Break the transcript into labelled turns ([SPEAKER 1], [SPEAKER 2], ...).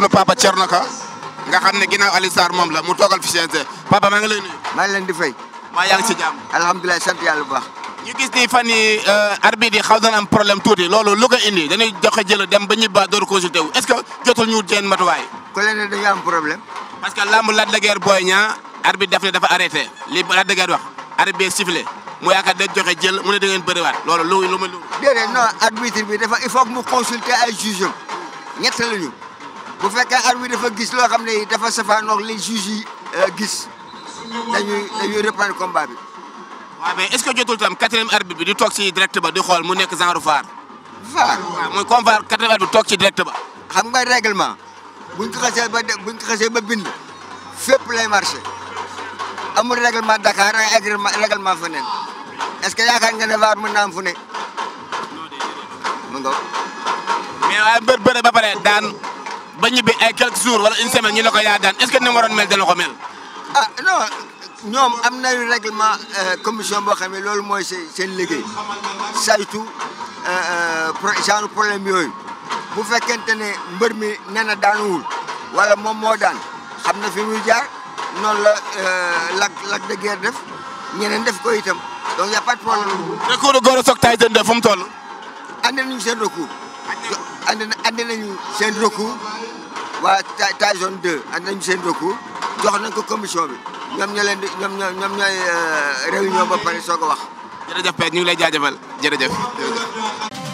[SPEAKER 1] sunu papa Thierno Ka nga xam ne ginnaaw Alioune Sarr moom la mu toogal fi CNG papa maa ngi lay nuyu. maa ngi leen di fay. maa yaa ngi si jàmm. alhamdulilah sant yàlla bu euh, xaw dana am problème tuuti loolu lu indi dañuy joxe jël dem ba ñibba door consulté wu est jotul ñu jeen matuwaay. ku leen ne am problème. parce que làmb Lac de Guiers Boy Niang ne dafa arrêté li Lac de Guiers wax arbitre sifflé mu yaakaar da joxe jël mu ne da ngeen bëriwaat loolu lu lu mu.
[SPEAKER 2] déedéet non arbitre bu fekkee arbitre bi dafa gis loo xam ne dafa safaanoog li juge yi euh, gis dañuy dañuy reprendre ne bi.
[SPEAKER 1] waaw mais est-ce que jotul tam quatrième arbitre bi di toog ci direct ba di xool mu nekk genre VAR.
[SPEAKER 2] VAR waaw mooy comme VAR quatrième arbitre bi toog ba. xam nga règlement buñ ko xasee ba de buñ ko ba bind fépp lay marché amul règlement Dakar ak règlement feneen est-ce que yaakaar nga ne VAR mën naa am fu ne. mu waaye mbër bëre ba pare daan. ba ñibbi ay quelques
[SPEAKER 1] jours wala une semaine ñu ne ko yaa daan est-ce que ni mel dana
[SPEAKER 2] ah non ñoom am nañu règlement euh, commission boo xam loolu mooy seen seen liggéey saytu euh, euh, genre problème yooyu bu fekkente ne mbër mi nee na daanuwul wala moom moo daan xam na fi muy jaar noonu la lak lak de guerre def ñeneen def ko itam donc y' a pas de problème. recours Gora Sock Tyson 2 fu mu toll. andi nañu andi nañu seen recours waa taille zone 2 andi nañu seen recours jox nañ ko commission bi ñoom leen di ñoom ñoo ñoom ñooy euh, réunion ba pare soo ko wax.
[SPEAKER 1] jërëjëf Pène ñu ngi lay jaajëfal
[SPEAKER 2] jërëjëf.